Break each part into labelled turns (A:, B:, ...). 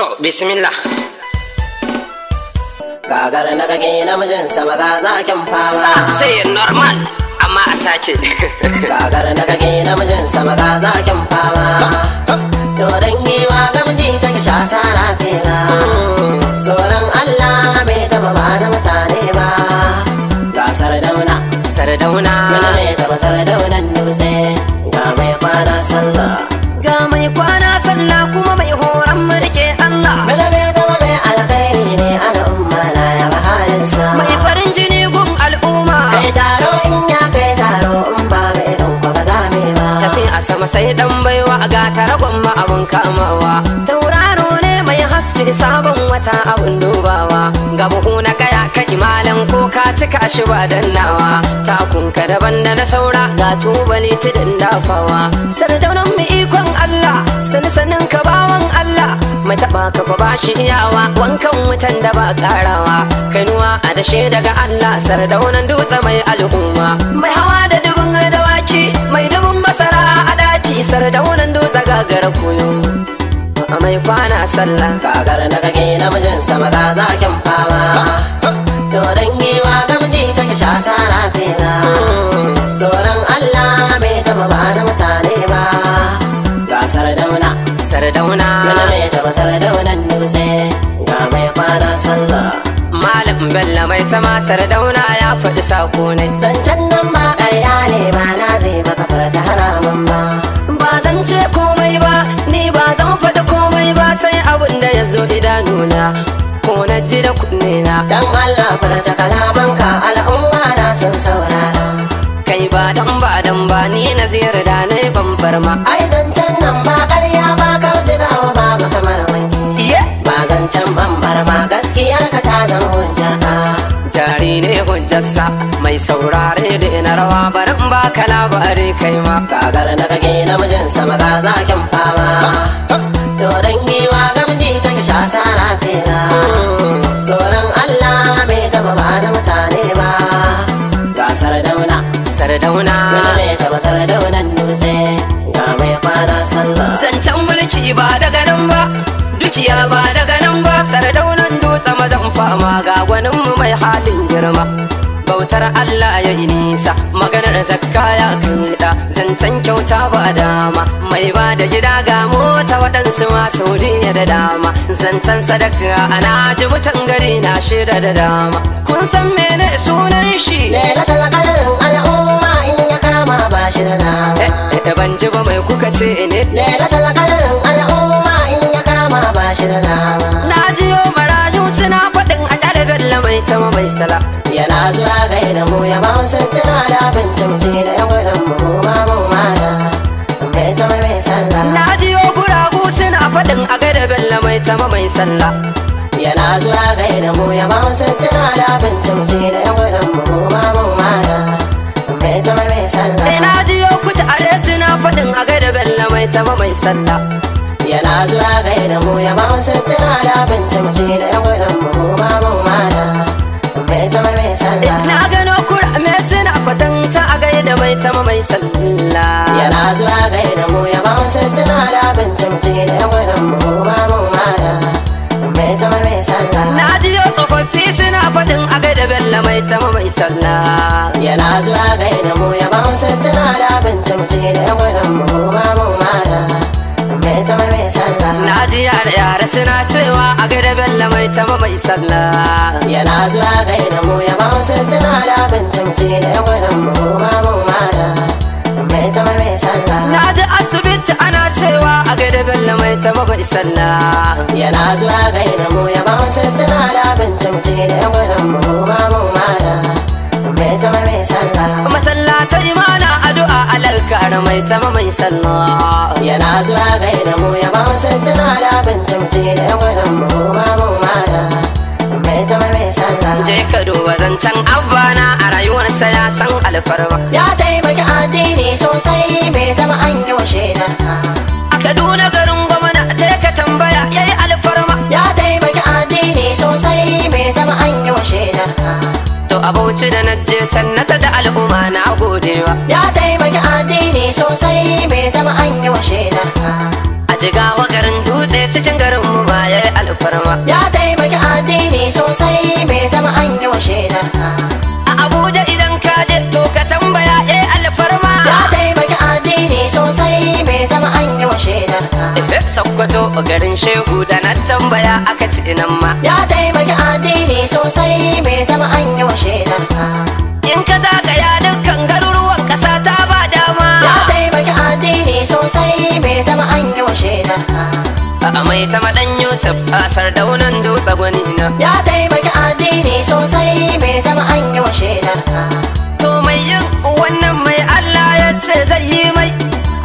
A: So, bismillah. Gagar na kage namijin sama ga zakin fama. Sai normal amma a sace. Gagar na kage namijin sama ga zakin fama. To dangi ma ga miji ta sha sara kaina. Tsoron Allah bai taba ba da mutane ba. Ga sardauna. Sardauna. Yana mai taba sardaunan dutse. Ga mai kwana sallah. Ga mai kwana sallah kuma mai horon mu Allah Malabe zama mai alkhairi ne al'umma na ya baharin sa Mai farin jini gun al'umma Kai taro in ya kai taro in ba mai dauka ba za mu ba Tafi a sama sai dan baiwa ga taragon ma abun kamawa Tauraro Plastic sabon wata abun dubawa Ga buhu na kaya ka imalan ko ka cika shi ba dannawa Takunka daban da na saura ga tubali tudun dafawa Sardaunan mu ikon Allah sani sanin ka bawan Allah Mai taba ka ba shi iyawa wankan wutan da ba karawa kanuwa a dashe daga Allah sardaunan dutse mai al'umma Mai hawa da dubin dawaki mai dubin masara a daci sardaunan dutse gagara koyo a mai kwana sallah kagar daga ke namijin sama za zakin fama to dangi ma gamji kake sha sara kaina sauran Allah mai tama ba na mutane ba ga sardauna sardauna yana mai taba sardaunan dutse ga mai kwana sallah malam bello mai tama sardauna ya faɗi sako ne zancen nan ba ƙarya ne ba na zai maka farta haramun ba ba zan ce komai ba ni ba zan faɗi sai abin da ya zo idanuna ko na ji da na dan Allah furta ka. al'umma na san saurara kai ba dan ba dan ba ni na ziyar da ne ban bar ma ai can nan ba ƙarya ba kauce da babu kamar wani ba zancen ban bar ma ka ta zama hujjar ka jari ne hujjarsa mai saurare da na rawa barin ba ka labari kai ma kagar na kage namijin sama ka zakin fama to dangi kai kake sha sara kaina tsoron Allah bai taba ba da mutane ba ga sardauna sardauna wani bai taba sardaunan dutse ga mai kwana sallah zancen mulki ba daga nan ba dukiya ba daga nan ba sardaunan dutse mazan fama ga gwaninmu mai halin girma kyautar Allah ya yi nisa maganar zakka ya kuɗa zancen kyauta ba dama mai ba da gida ga mota waɗansu masu ya da dama zancen sadaka a naji mutan gari na shida da dama kun san mene sunan shi lailatul qadarin al'umma in ya kama ba shi da dama eh, eh, eh, ban ji ba mai kuka ce ne lailatul qadarin al'umma international na jiyo marayu suna faɗin a ƙarfin lamai ta sala yana zuwa ga da mu ya ba da da yan mu ma mu mana mai ta mai sallah na jiyo guragu suna faɗin a ƙarfin lamai ta yana zuwa ga da mu ya ba da da yan mu ma mu mana mai ta mai sallah na jiyo kuta are suna faɗin a ƙarfin lamai ta mai sallah yana zuwa gai da mu ya ba mu sutura da bincimci da yan gudun mu ba mu mana mai tamar mai sallah na gano kurame suna kwatanta a gaida mai tamar mai sallah yana zuwa gai da mu ya ba mu sutura da bincimci da yan gudun mu ba mu mana mai tamar mai sallah na ji yo tsofaffi suna faɗin a gai da bella mai tamar mai sallah yana zuwa gai da mu ya ba mu sutura da bincimci da yan gudun mu ba mu mana Na ji yare yare suna cewa a gaida Bello mai tama mai salla. Yana zuwa gaida mu ya ba mu santuna da abin tamce da ya gwanin mu ma mun mara. Mai tama Na ji asibiti ana cewa a gaida Bello mai tama mai salla. Yana zuwa gaida mu ya ba mu santuna da abin tamce da ya gwanin mu ma mun mai tama mai sallah Masalla ta masallatai mana addu'a alal kara mai tama mai sallah yana zuwa gaida mu ya ba mu santana da bincimce da yan gwanin mu ma mun mana mai tama mai sallah je ka duba zancen abbana a rayuwarsa ya san alfarma ya taimaki addini sosai mai tama an yi wa shaidar Kaduna garin gwamna je ka tambaya yayi wuce da na je can na ta da al'umma na godewa ya taimaki addini sosai mai ta an yi wa shaidar wa garin dutse cikin garin mu bayar alfarma ya taimaki addini sosai mai zama an yi wa shaidar a abuja idan ka je to ka tambaya ya eh, alfarma ya taimaki addini sosai mai zama an yi wa shaidar ka sakkwato garin shehu da na tambaya aka ci nan ma ya taimaki addini sosai mai zama an yi wa shaidar ka in ka zagaya dukkan garuruwan ƙasa ta ba dama ya taimaki addini sosai mai tama an yi wa shaidar a mai tama dan yusuf asar daunan dutse gwanina ya taimaki addini sosai mai tama an yi wa shaidar to mai yin wannan mai allah ya ce zai yi mai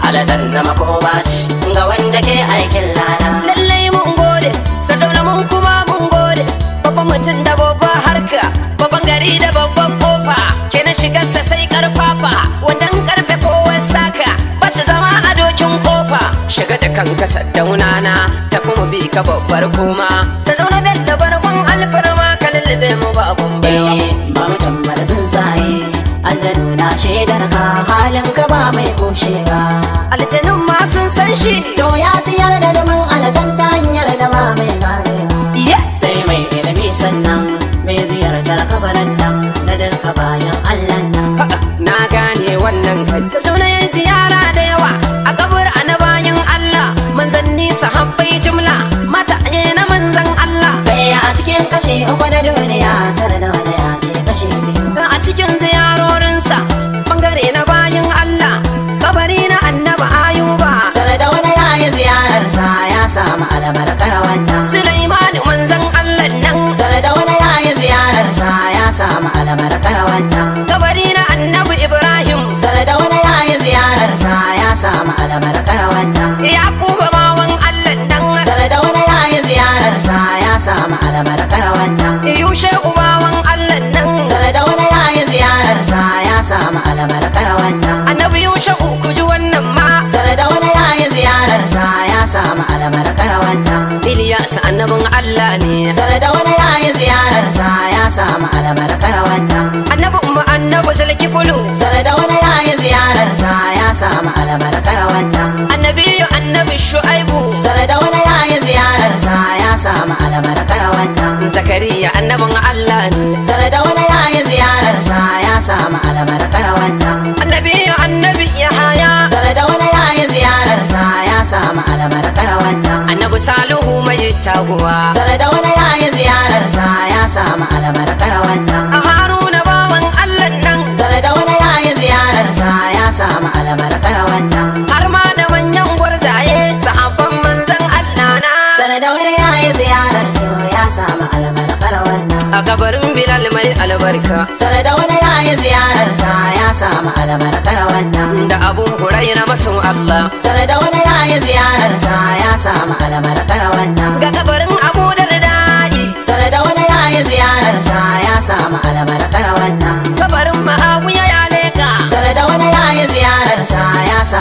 A: alazan na makoma ci ga wanda ke aikin lana lallai mun gode sadauna mun kuma mun gode babban mutum da babban harka babban gari da babban kofa shigarsa sai karfafa wadan karfe kowar saka ba shi zama a dokin kofa shiga da kanka saddauna na tafi mu bi ka babbar koma sadauna bello barkon alfarma ka lullube mu ba abun baiwa ba mutum mara zanzaye, Allah na shaidar ka halin ka ba mai ba. aljanun ma sun san shi to ya ci yarda da mun aljan ta hanyar da ba mai karewa sai mai ilimi sannan mai ziyartar kabarin nan na dalka bayan kai ziyara da yawa a kabur na bayan Allah manzanni sahabbai jumla Mata, mataye na manzan Allah bai a cikin kashe uku na duniya sanar da wani ya je kashe biyu a cikin ziyarorinsa bangare na bayan Allah kabari na annaba ayuba sanar da wani ya yi ziyararsa ya samu albarkar wannan Sulaimani manzan Allah nan sanar da wani ya yi ziyararsa ya samu albarkar wannan samu alamar karawan nan ya kuma bawan allan nan sarda wani ya yi ziyarar sa ya samu alamar karawan nan yushe ubawan allan nan sarda wani ya yi ziyarar sa ya samu alamar karawan nan annabi yushe ku ji wannan ma sarda wani ya yi ziyarar sa ya samu alamar karawan nan Ilyas annabin Allah ne sarda wani ya yi ziyarar sa ya samu alamar karawan nan annabi mu annabi zulkifulu sarda wani ya yi ziyarar sa samu albarkar wannan annabiyu annabi shu'aibu sare da wani ya yi ziyararsa ya samu albarkar wannan zakariya annabin allah ne sare da wani ya yi ziyararsa ya samu albarkar wannan annabiyu annabi yahaya sare da wani ya yi ziyararsa ya samu albarkar wannan annabi salihu mai taguwa sare da wani ya yi ziyararsa ya samu albarkar wannan samu albarkar wannan har ma da manyan gwarzaye sahabban manzon Allah na wani ya yi ziyarar su ya samu albarkar wannan a kabarin Bilal mai albarka ya yi ziyarar sa ya samu albarkar wannan da Abu Hurairah masu Allah wani ya yi ziyarar sa ya samu albarkar wannan ga kabarin Abu wani ya yi ziyarar sa ya samu albarkar wannan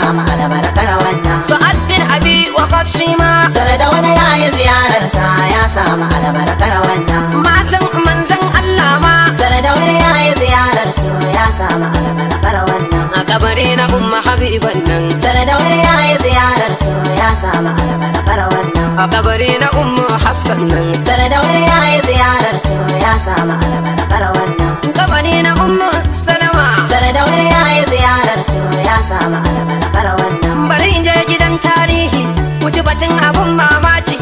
A: Imam Albarkar wannan. Su'ad bin Abi wa Qasima. Sare da wani yayi ƙadarsa ya samu albarkar wannan matan manzan Allah ma sanadawar ya yi ziyarar su ya samu albarkar wannan a kabari na umma habiban nan sanadawar ya yi ziyarar su ya samu albarkar wannan a kabari na umma hafsan nan sanadawar ya yi ziyarar su ya samu albarkar wannan kabari na umma salama sanadawar ya yi ziyarar su ya samu albarkar wannan bari in je gidan tarihi wuce batun abun mamaki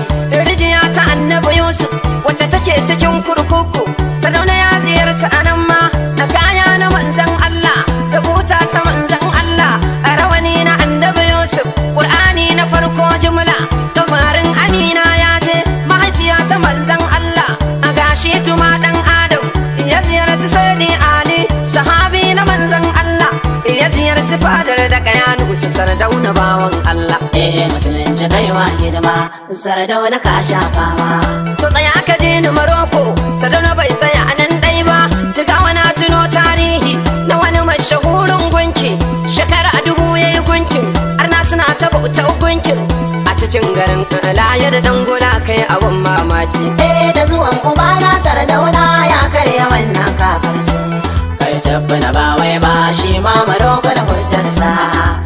A: Hajiya ta annabi Yusuf wacce take cikin kurkuku Sadauna ya ziyarta a nan ma a kaya na manzan Allah da buta ta manzan Allah a rawani na annabi Yusuf ƙur'ani na farko jimla dabarin Amina ya je mahaifiya ta manzan Allah a gashi tuma dan Adam ya ziyarci Sayyidi Ali sahabi na manzan Allah ya ziyarci fadar da kayanu musu na bawan Allah. Eh musulunci kaiwa hidima sardauna ka shafa fama. To tsaya aka je ni Maroko na bai tsaya a nan ɗai ba. Jigawa na tuno tarihi na wani mashahurin gunki shekara a dubu ya yi gunkin arna suna ta bautar gunkin. A cikin garin ya da Dangola kai abun mamaki. Eh da zuwan Uba na sardau sardauna ya karya wannan kakarci. na ba wai ba shi ma maroko da hujjarsa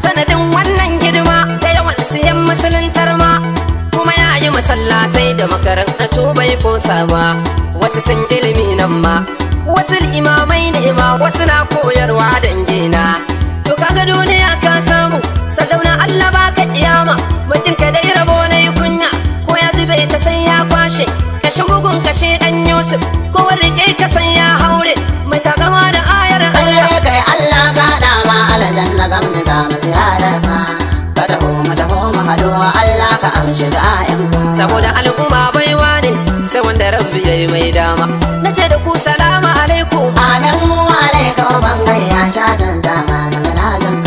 A: sanadin wannan hidima da yawan siyan musuluntar ma kuma ya yi masallatai da makarantu bai ko sama wasu sun ilimi nan ma wasu imamai ne ma wasu na koyarwa dangina to kaga duniya ka samu sadauna Allah baka kiyama mutum ka dai rabo na kunya ko ya zube ta sai ya kwashe kashe bugun kashe dan Yusuf ko rike ka san ya haure zam zam ziyarar ma ka taho mu taho mu hado Allah ka amshi da'in mu saboda al'umma baiwa ne sai wanda rabbi yayi mai dama nace da ku salamu alaikum amin mu alaikum ban gayya shatan zamanin manajin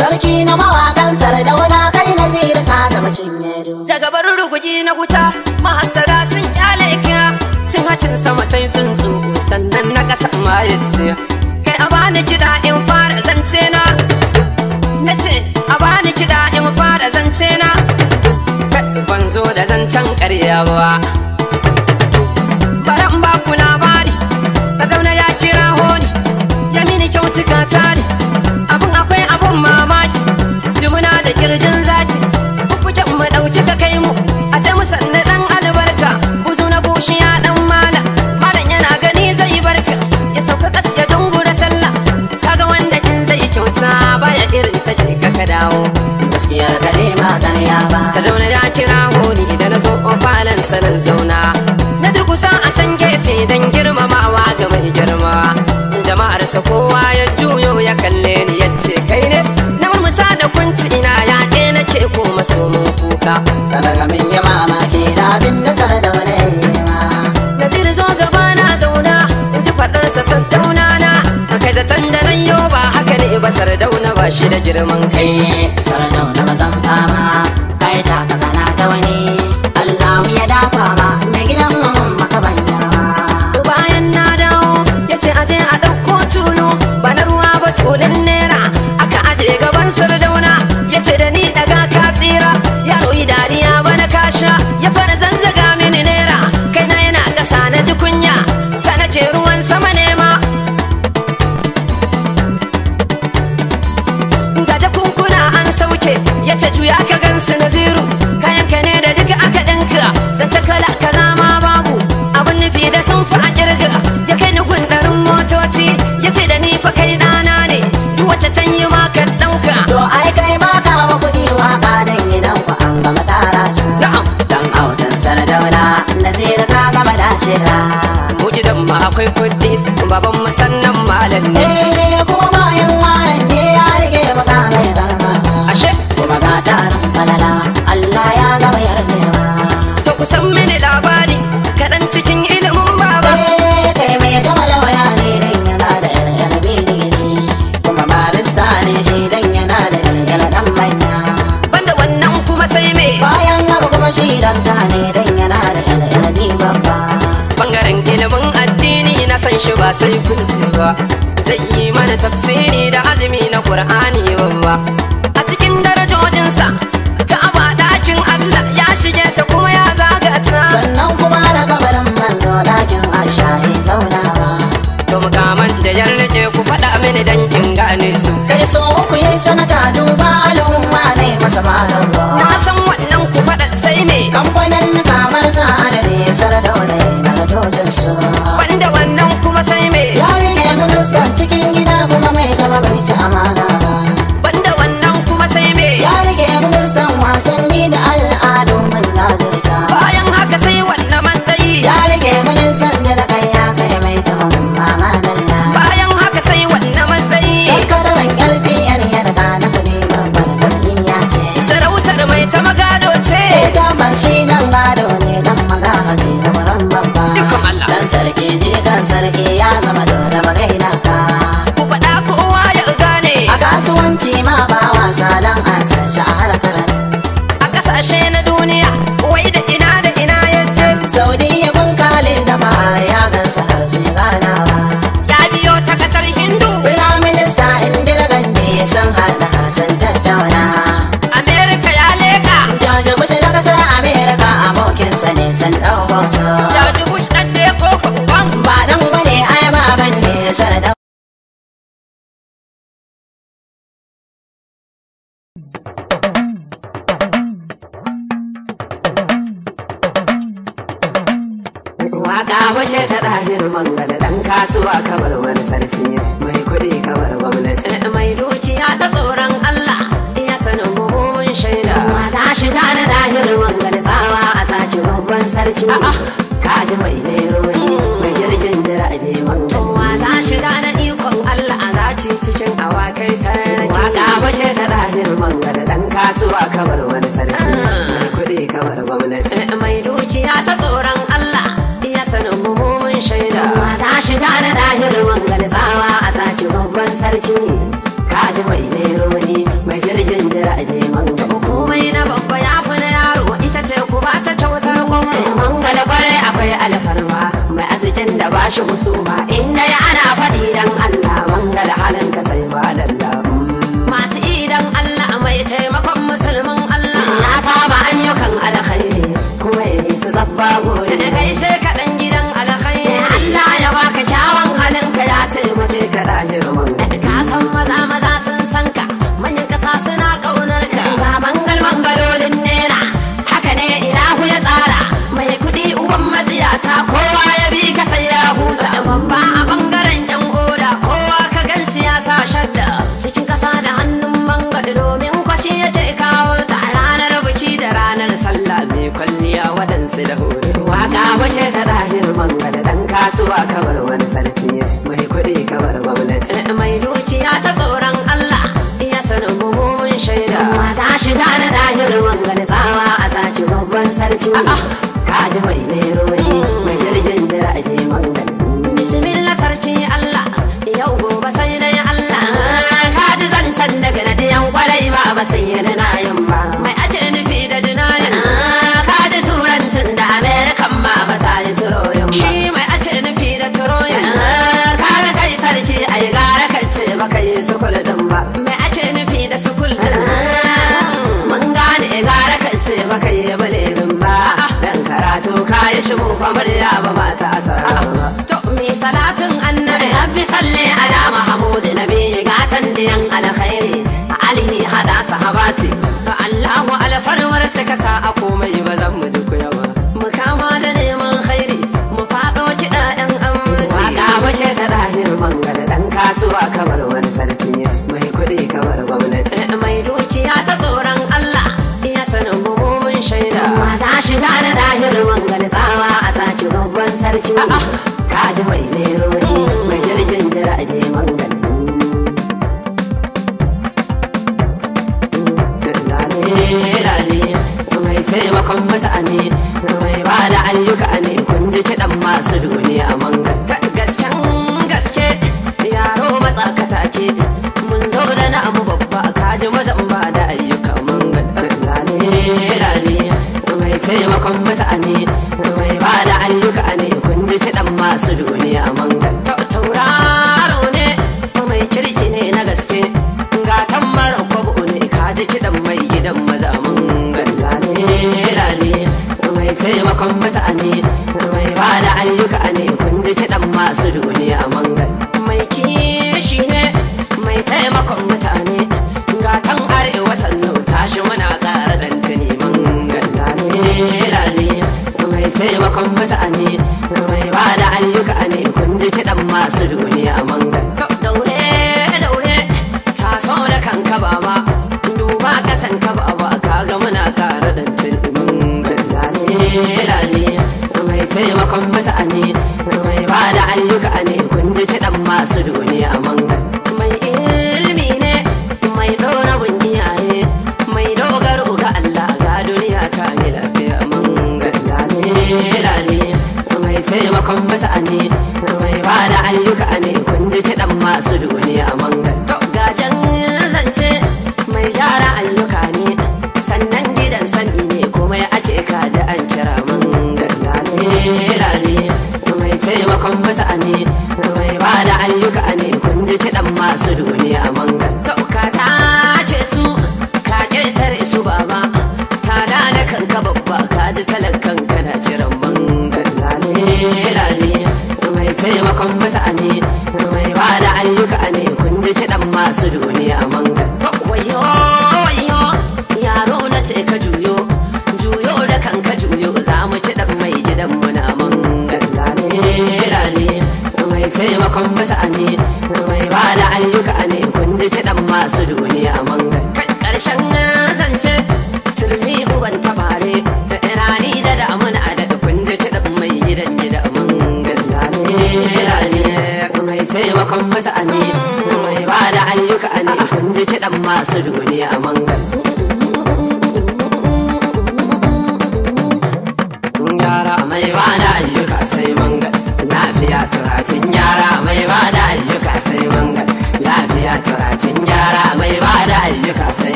A: sarki na mawakan sardauna kai nazir ka zama cinyedu daga barin ruguji na wuta mahassada sun kyale ka cin hacin sama sai tsuntsu sannan na kasa ma yace kai a bani kiɗa in fara zance na zancena na eh, ban zo da zancen ƙarya ba baran ba ku labari sadauna ya kira honi ya mini kyautuka tare abun akwai abun mamaki jimuna da kirjin zaki kukukin mu ɗauki ka kai mu a ce mu sanna ɗan albarka buzu na bushi ya dan mala malan yana gani zai barka ya sauka kasu ya dungura sallah kaga wanda in zai kyauta baya irin ta je ka dawo gaskiyar gare ba ƙarya ba sardauna ya kira honi da na zo ofalan sanan zauna na durkusa a can gefe don girmamawa ga mai girma jama'ar sa kowa ya juyo ya kalle ni ya ce kai ne na murmusa da kunci ina ya ke nake ko maso mun kuka shi da girman kai sarnau na mazan fama ba zai yi mana tafsiri da azumi na qur'ani babba a cikin darajojinsa ba dakin Allah ya shige ta kuma ya zagata sannan kuma na gabarin manzo dakin Aisha ya zauna ba to mukaman da yar ku faɗa mini dan kin gane su kai so ku yi sanata duba al'umma ne masa malam na san wannan ku faɗa sai ne kamfanin kamar sa da ne da wani na su I'm hamana makwabta. Jaji Bush ɗan da ya koko uban. Ba dan bane ai ba ban da 啊。yawa kamar wani sarki mai kuɗi kamar gwamnati eh, mai dukiya ta tsoron Allah ya sanin mun shaida ma za shiga da dahirin wangan tsawa a sace babban sarki Ka ji mai mero taimakon mutane mai ba da ayyuka ne kun ji kiɗan masu ruwa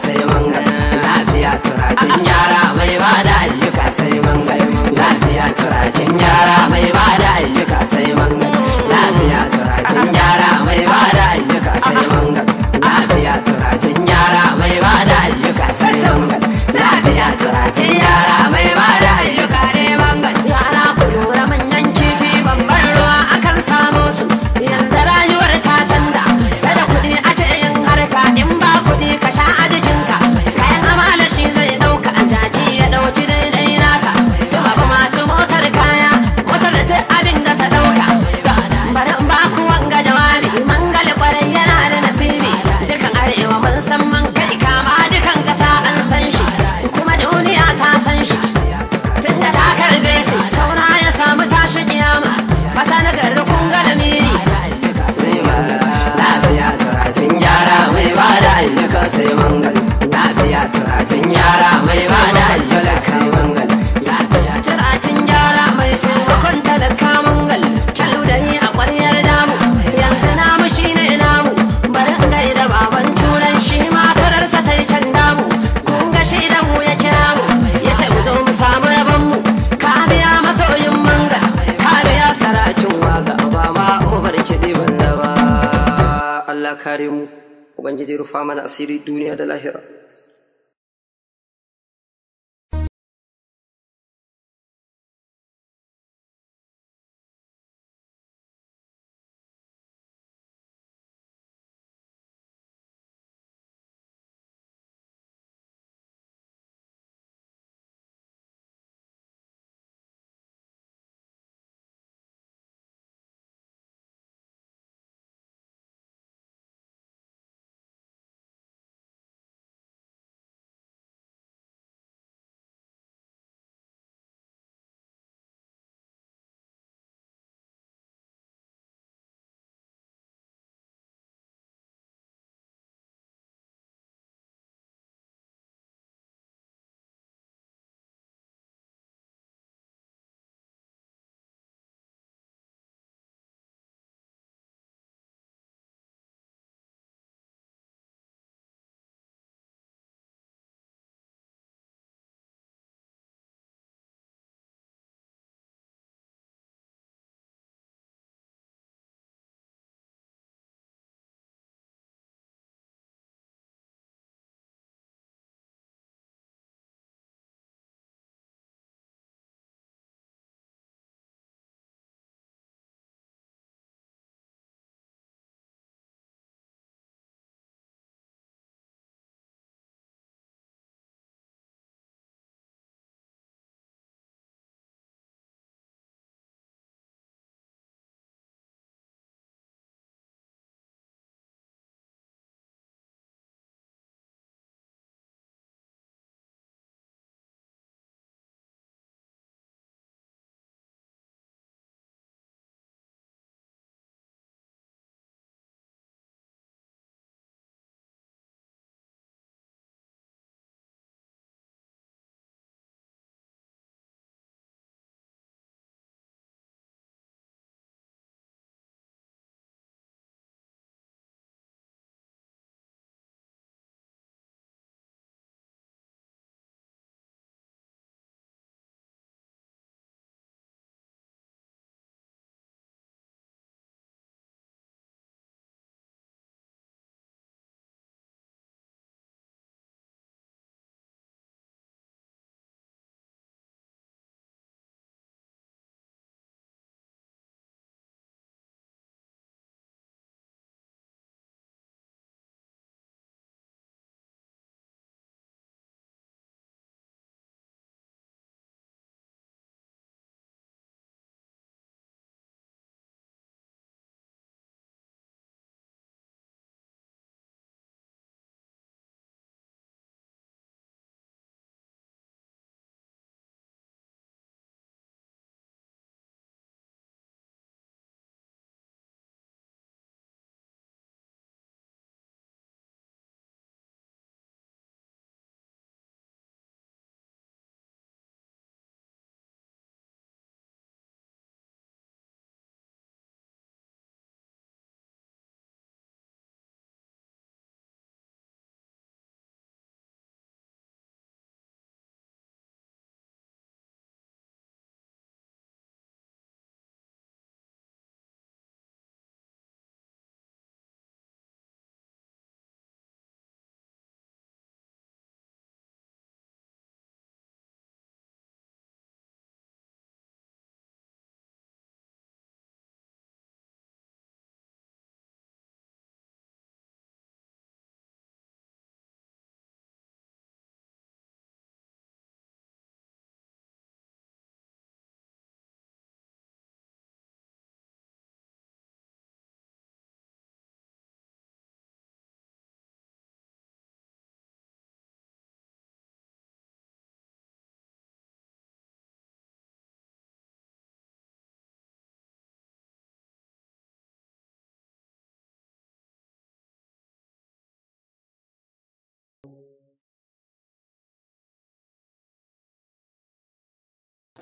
A: sai mun ga lafiya turacin yara mai ba da ayyuka sai mun ga lafiya turacin yara pemahaman akhirat dunia adalah? akhirat.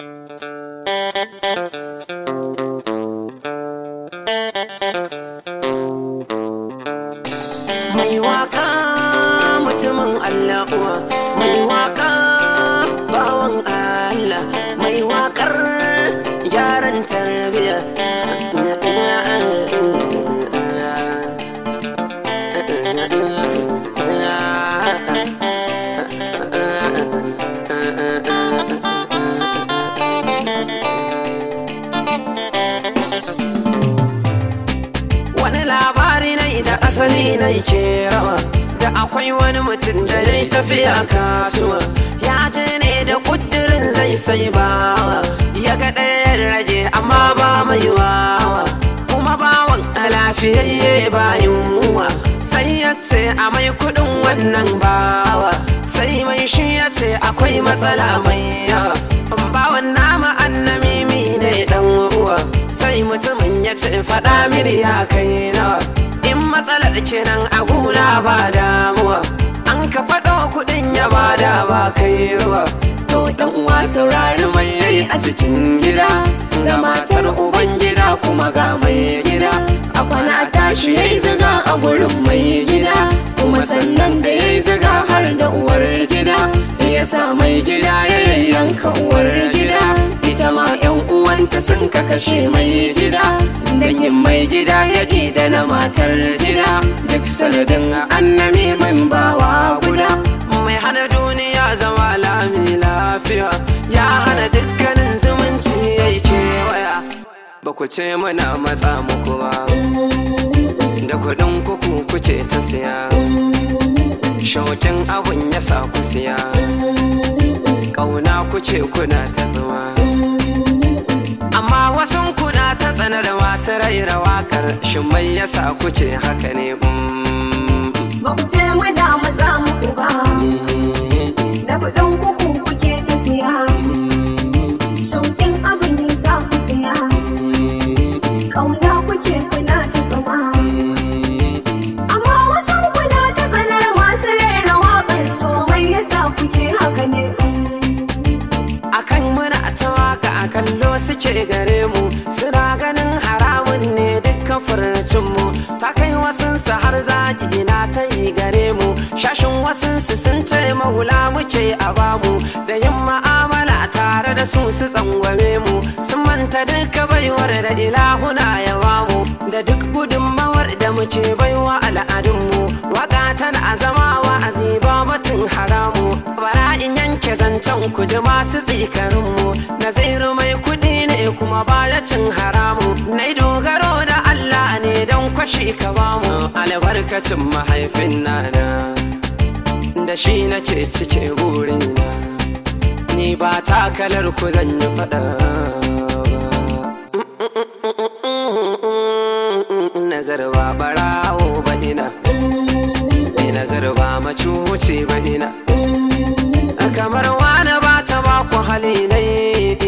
A: Thank you. ke rawa da akwai wani mutum da ya tafiya kasuwa ya je ne da kudirin zai sai bawa ya ga ɗayan rage amma ba mai wawa kuma bawan a lafiyayye ba yunwa sai ya ce a mai kudin wannan bawa sai mai shi ya ce akwai matsala mai yawa bawan nama annamimi ne dan uwa sai mutumin ya ce faɗa miri ya kai nawa matsalar kenan a gona ba damuwa an ka faɗo kuɗin ya bada ba kai ruwa to dan uwa saurari mai yayi a cikin gida ga matar uban gida kuma ga mai gida a kwana a tashi yayi zaga a gurin mai gida kuma sannan da yayi zaga har da uwar gida ya sa mai gida yayi yanka uwar gida ita ma yan uwanta sun ka kashe mai gida dangin mai gida ya da na matar gida duk sanadin annami min bawa guda mai hana duniya zama lami lafiya ya hana dukkanin zumunci ya kewaya ba ku ce mana matsa muku ba da kudin kuku kuke ta siya shauƙin abun ya sa ku siya kauna kuce kuna ta zama amma wasan kuna ta tsana da masu raira wakar shin mai yasa kuce haka ne mm. ba ku ce mu da mu za mu ku ba da kuɗin ku ce gare mu suna ganin haramun ne dukkan furcin ta kai wasun har zagi na ta yi gare mu shashin wasun sun ce mahula muke a bamu da yin ma'amala tare da su su tsangwame mu sun manta duka baiwar da ilahuna ya bamu da duk gudunmawar da muke baiwa al'adunmu waka tana zama wa aziba batun haramu bara in yanke zancen ku ji masu tsikarinmu na zai kuma baya cin haramu na dogaro da Allah ne don kwashi ka bamu albarkacin mahaifin nana da shi nake cike burina ni ba takalar ku zan yi faɗa nazar ba barawo ba ina nazar ba ce ba ina kamar wani ba ta ba ku hali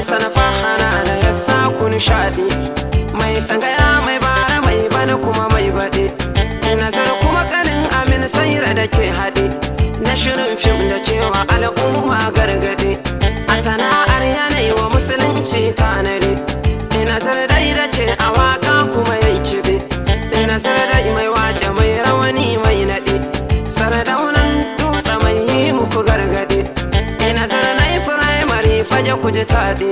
A: mai sanafa hana da ya sa ku nishaɗi mai sangaya mai bara mai bana kuma mai baɗi nazar kuma kanin amin sanyira da ke haɗe na shirin fim da cewa al'umma gargaɗi ta taɗe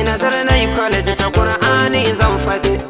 A: ina zara na yi kwalaji ta ƙura'ani zan faɗi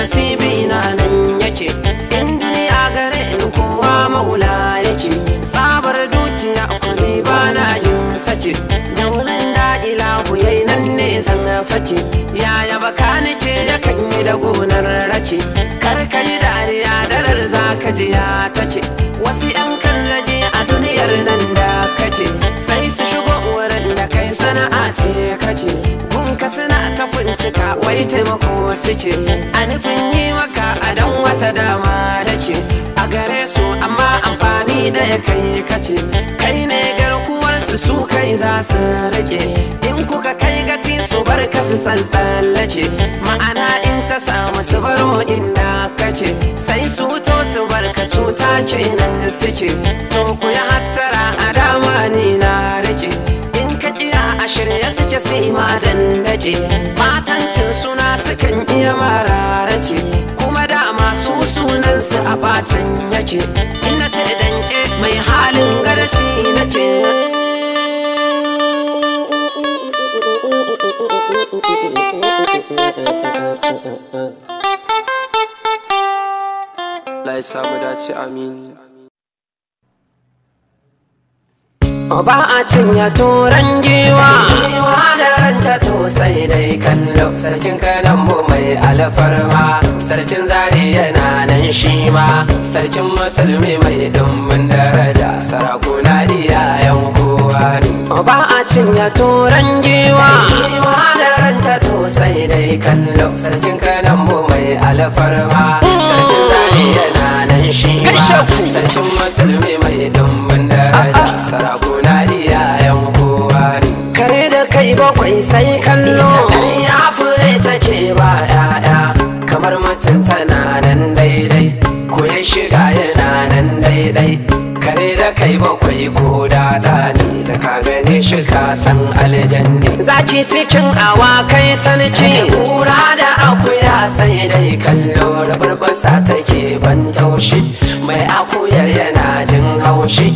A: nasibi na nan yake in a gare in kowa maula yake sabar dukiya kuli ba na yin sake da wurin da yayi nan ne zan fake yaya baka ce yakan yi da gonar rake kar ka yi dariya darar zaka ji ya take wasu yan kallaje a duniyar nan da kake sai su shigo wurin sana'a ce kake kun ka suna ta fincika wai taimako suke a nufin yi maka a dan wata dama dake a gare su amma amfani da ya kai kace kai ne garkuwar su su kai za su rike in kuka kai gaci su bar ka su sansallake ma'ana in ta samu su baro inda kake sai su to su bar ka cuta kenan suke to ku yi hattara a dama ne na rike shirya suke sai ma dandake matancin suna sukan iya mararake kuma dama su sunansu a bacin yake na ce danke mai halin garashi na ce ya samu dace amin ba a cinya turan giwa giwa da ranta to sai dai kallo sarkin kalambo mai alfarma sarkin zari yana nan shi ma sarkin musulmi mai dumbin daraja sarakuna iyayen kowa ne ba a cinya turan giwa giwa da ranta to sai dai kallo sarkin kalambo mai alfarma sarkin zari yana shewa sarkin musulmi mai dumbin daraja sarakuna iyayen kowa ne kare da kai bakwai sai kallo ya fure ta ce ba ya'ya kamar mutum tana nan daidai koyan shiga yana nan daidai kare da kai bakwai yi ko da ɗani da ka gane shi ka san aljanni zaki cikin awa kai sarki kura da akuya sai dai kallo da take ban taushi mai akuyar yana jin haushi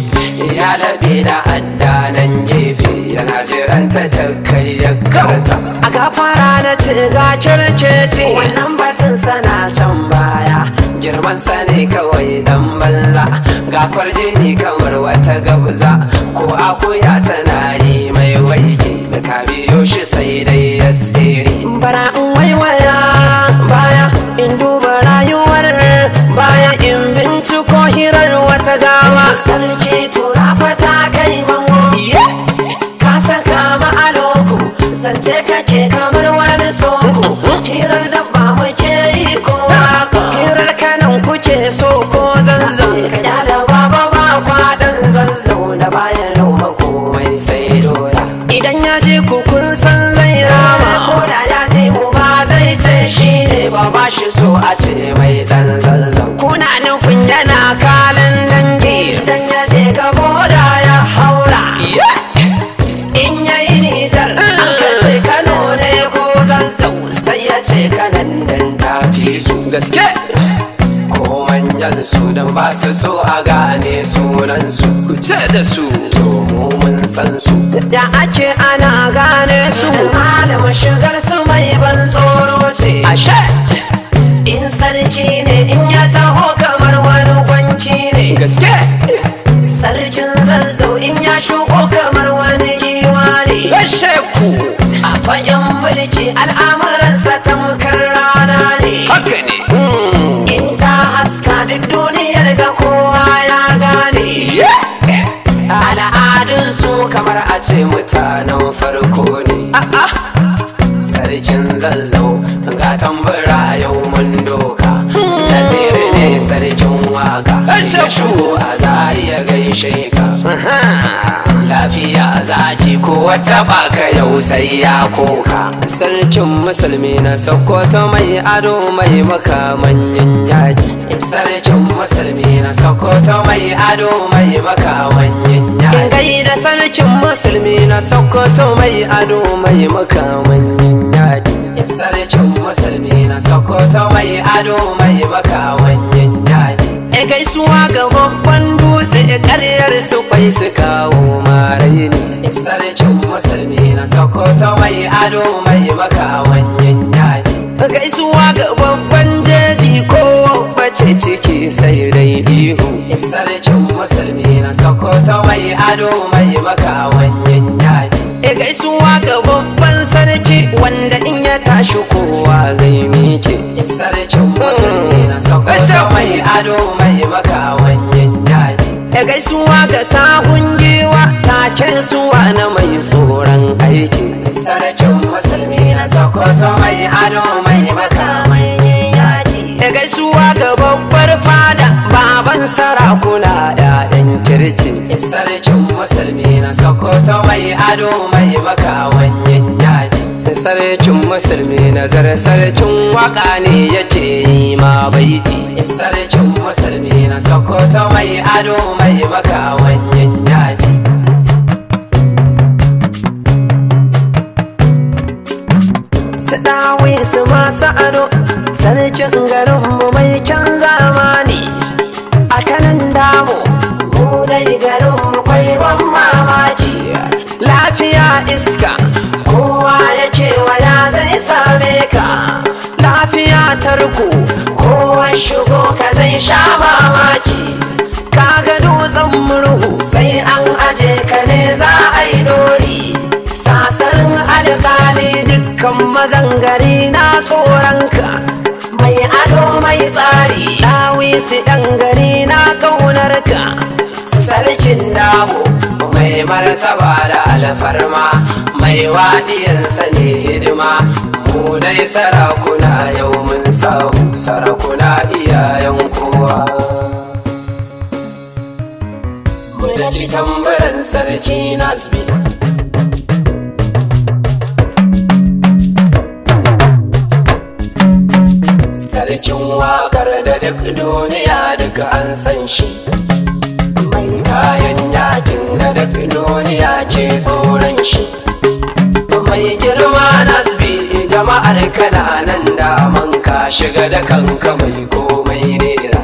A: ya labe da addanan gefe yana jiranta ta kai ya karta a gafara na ce ga kirkeci wannan batun sana can baya girman sa ne kawai dan balla ga ne kamar wata gabza ko akuya tana yi mai waige da ka biyo shi sai dai ya tsere bara in waiwaya baya in duba rayuwar baya in binciko hirar wata gawa sarki tura fata shi so a ce mai dan zanzan kuna nufin yana kalan dangi dan ya je ga boda ya haura in ya yi nijar an ka ce kano ne ko zazzau sai ya ce kanan dan tafi su gaske ko manyan su dan ba su so a gane sunan su ku ce da su to mu mun san su da ake ana gane su malama shigar su mai ban tsoro ce ashe gaske sarkin zazzau in ya shuko kamar wani giwa ne rashe a fagen mulki al'amuransa tamkar rana ne haka ne in ta haska duk duniyar ga kowa ya gane al'adun su kamar a ce mutanen farko ne ah, ah. sarkin zazzau shaku a zariya gaishe ka lafiya zaki ko wata baka yau sai ya koka sarkin musulmi na sokoto mai ado mai makamanyin yaki sarkin musulmi na sokoto mai ado mai makamanyin yaki gai da sarkin musulmi na sokoto mai ado mai makamanyin yaki sarkin musulmi na sokoto mai ado mai makamanyin gaisuwa ga babban dutse karyar su kwai su kawo marai ne sarkin musulmi na sokoto mai ado mai makawan yanyaye gaisuwa ga babban jeji ko bace ciki sai dai ihu sarkin musulmi na sokoto mai ado mai makawan yanyaye gaisuwa ga babban sarki wanda in ya tashi mai ado mai maka wanyan daɗi da gaisuwa ga sahun ta ce suwa na mai tsoron aiki sarkin musulmi na sokoto mai ado mai maka wanyan daɗi da gaisuwa ga babbar fada baban sarakuna ɗaɗin kirki sarkin musulmi na sokoto mai ado mai maka wanyan daɗi sarkin musulmi nazar sarkin waka ne ya ce yi ma baiti sarkin musulmi na sokoto mai ado mai makawan yaji su dawe su masu ado sarkin garinmu mai kyan zamani a kanan damu mu garinmu kwai mamaki lafiya iska same ka lafiya tarku. kowa shigo ka zai sha mamaki ka ga dutsen murhu sai an aje ka ne za a yi dori sasarin alkali dukkan gari na tsoron ka mai ado mai tsari dawisi ɗan gari na ka. sarkin dawo. mai martaba da alfarma mai wadiyansa ne hidima mu dai sarakuna yau mun sahu sarakuna iyayen kowa ci tambarin sarki nasbi Sarkin wakar da duk duniya duka an san shi kayan yakin da da duniya ce tsoron shi mai girma nasbi jama'ar kana nan ka shiga da kanka mai komai nera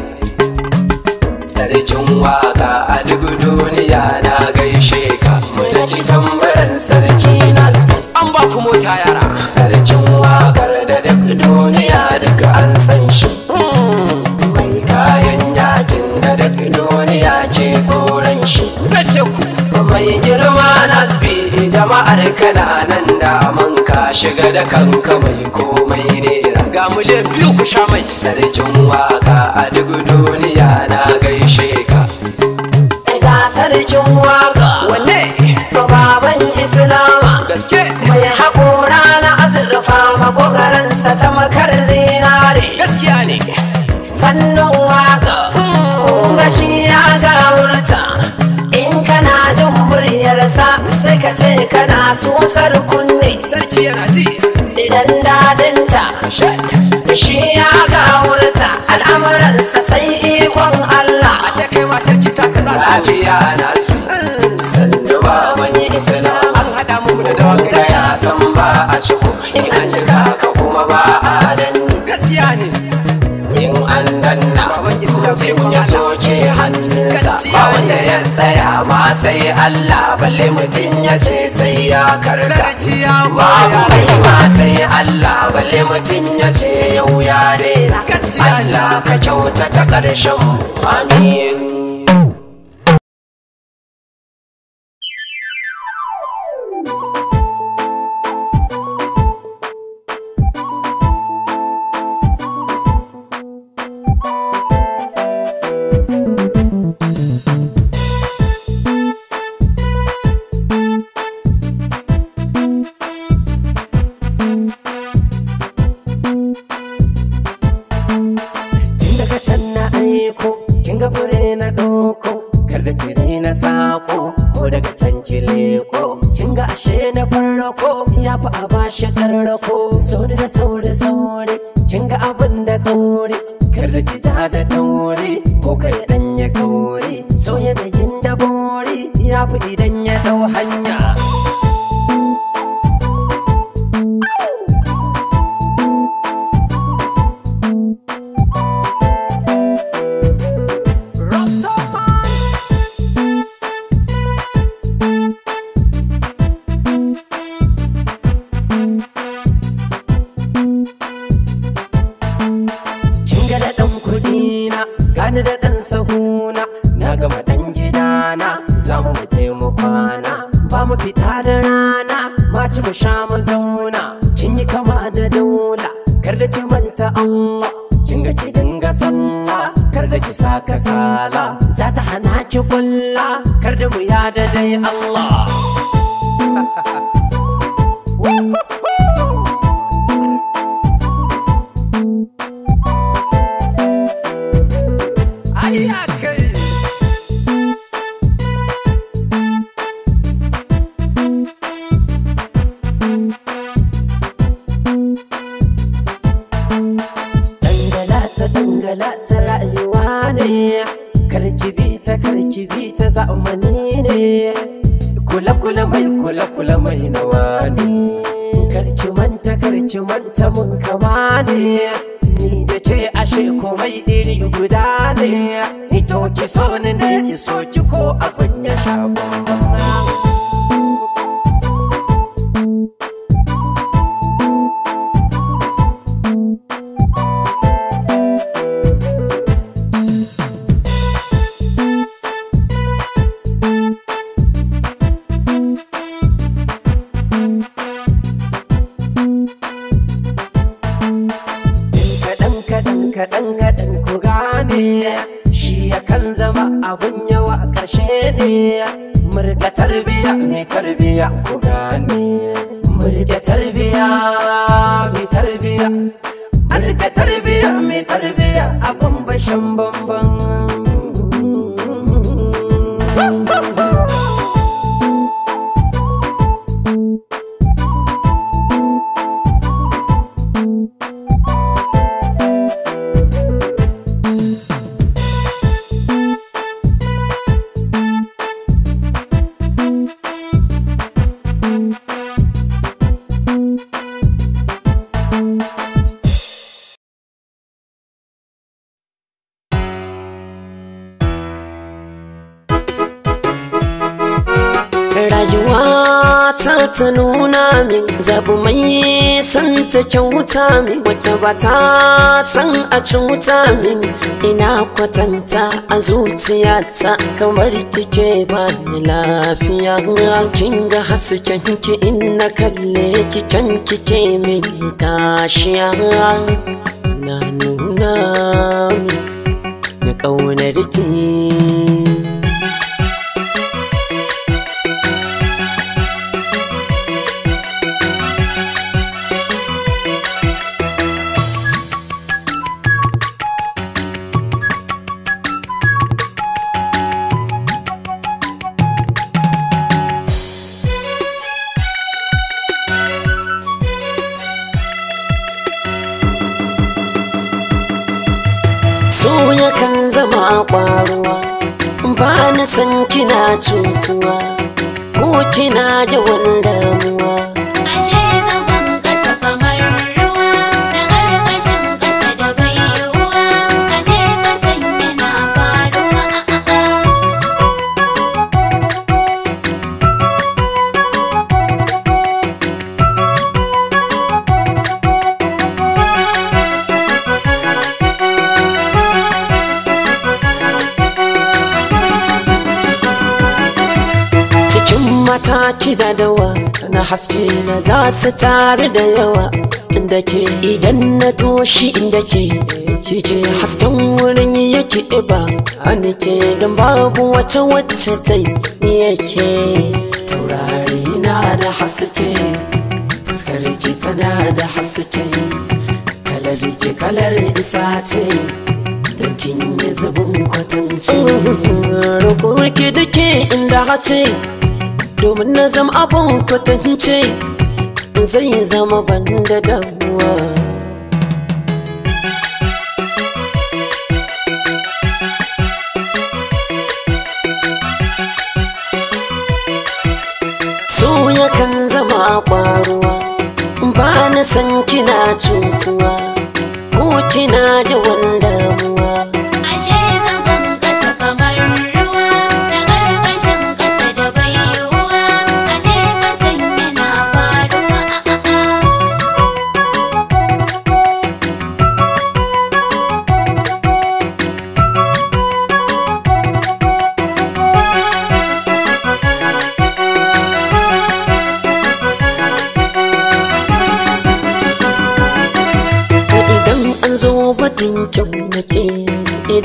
A: sarkin waka a duk duniya na gaishe ka mai na sarki nasbi an ba ku mota yara sarkin wakar da duk duniya duka an san shi tsoron shi gashe ku kamar girma nasbi jama'ar kana nan da ka shiga da kanka mai komai ne ga mule biyu ku sha mai sarkin waka a duk duniya na gaishe ka ga sarkin waka wanne baban islama gaske mai haƙora na azurfa makogaransa ta makar zinare gaskiya ne fannin waka ka ce kana susar kunne sarki yana ji idan dadinta shi ya ga gawurta al'amuransa sai ikon Allah a shekai ma sarki ta kaza ta lafiya na su mm. sannu ba mani islam an hada mu da dawaka da ya san ba a ciko in an ka kuma ba a gaskiya ne mutum ya soke hannunsa ba wanda ya tsaya ma sai Allah balle mutum ya ce sai ya karka babu mai ma sai Allah balle mutum ya ce yau ya daina Allah ka kyautata karshen ƙarshen amin kar da na sako ko daga can leko. kin ashe na farko ya fi a bashi karrako da sauri sauri kin ga abin da sauri kar da ki ja da tauri ko kai dan ya kauri so yanayin da bori ya fi idan ya dau hanya tarbiya, rike tarbiya mai tarbiya abin bashin bambam. Zabu mai san ta kyauta min wata ba ta san a cuta min ina kwatanta a zuciyata kamar kike ba ni lafiya kin ga hasken ki in na kalle ki kan kike min tashiya na nuna mi na kaunar ki na ƙwaruwa ba ni san kina cutuwa ko kina yawan damuwa da dawa na haske na za su tare da yawa inda ke idan na toshi inda ke kike hasken wurin yake iba a nake don babu wace wacce ta yi yake taurari na da haske fuskar ki tana da haske kalar ki kalar isa ce don kin yi zubin kwatance roƙo duke inda hace domin na zama abin kwatance zai zama ban da damuwa so kan zama kwaruwa ba na san kina cutuwa ko kina da wanda